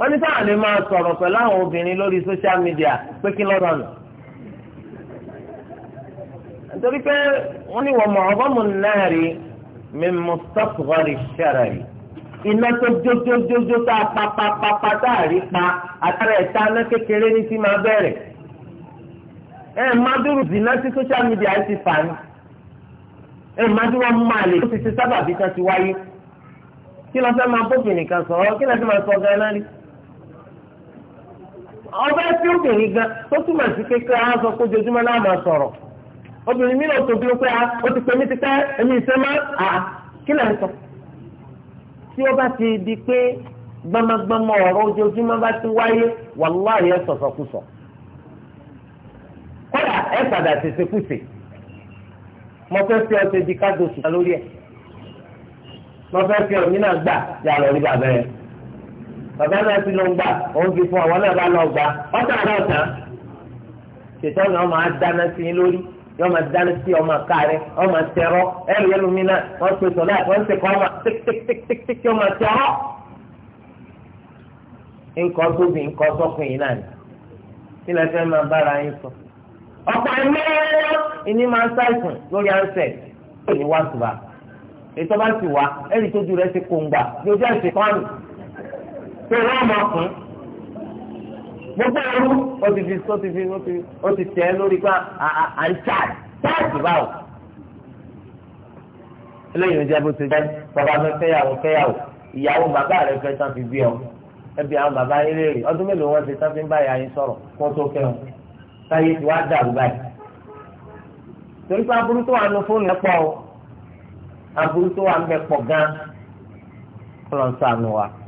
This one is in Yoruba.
wọ́n ní sáà lè máa sọ̀rọ̀ pẹ̀lú àwọn obìnrin lórí social media pé kí lọ́dọ̀ nù. nítorí pé wọ́n ní wọ́n mọ̀ ọ́gọ́mù náà rí mi mú sọ́kùnrin ṣẹ̀rẹ̀ rí iná tó jójójójó tá a pa pa pa pa tá a rí pa àtàrà ẹ̀ta ná kékeré ní ti máa bẹ̀rẹ̀. ẹ mádùrù zìnnà sí social media ti fà ní. ẹ mádùrù wọn máa lè tó ti ti sábàbí kan ti wáyé kí lọ fẹ́ máa bófin nìkan sọ̀rọ̀ kí lọ fẹ́ máa sọ gan ọba tí obìnrin gan tó túmọ̀ sí kékeré á sọ pé ojoojúmọ́ náà máa sọ̀rọ̀ obìnrin mi náà tó dúró pé ah, ó ti pè mí ti pẹ́ ẹ̀mí ìṣe má a kí lẹ̀ ń sọ. tí ó bá ti di pé gbamagbama ọ̀rọ̀ ojoojúmọ́ bá ti wáyé wàláhì ẹ̀ sọ̀sọ̀kùsọ̀ kọ́dà ẹ̀ padà ṣèṣekúṣe mo fẹ́ fi ọtí di ká doṣù lórí ẹ̀ mo fẹ́ fi ọ̀mí náà gbà yàrá orí bàbá yẹn bàbá náà ti lọ ń gbà òun fi fún àwọn náà bá lọ gbà ọ̀tá náà tán ṣètò ọ̀nà ọmọ adáná sí i lórí yọ ma dáná sí ọmọ kárẹ ọmọ tẹrọ ẹrù ẹlòmínà wọn pe sọlá wọn ṣe kọ ọmọ tíktíktíktík ọmọ tẹrọ nǹkan tóbi nǹkan sọkùnrin náà ni kí lè fẹ́ máa bára yín sọ. ọ̀pọ̀ ẹ̀mẹ́rẹ́rẹ́ ìní máa ń ṣàìsàn lórí ansẹ̀ tó ní wá tùbà ètò bá ti wá ẹ̀rí pé wọ́n máa kún gbogbo ẹrú ó ti fi ó ti fi ó ti ó ti tẹ̀ ẹ́ lórí pé à ń ṣáàjì ṣáàjì báwò. eléyìí ló jẹ́ bó ti jẹ́ bàbá mi fẹ́yàwó fẹ́yàwó ìyàwó bàbá rẹ̀ fẹ́ tán fi bí ọ ẹbí àwọn bàbá yín léèrè ọdún mélòó wọn ti tán fi ń bá ìyá yín sọ̀rọ̀ kó tó fẹ́ wọn táyé ti wá dàrú báyìí. torí pé aburú tó wà nù fóònù ẹ̀ pọ̀ o aburú tó wà ń bẹ pọ̀ gan-an kó sọ àánú wa.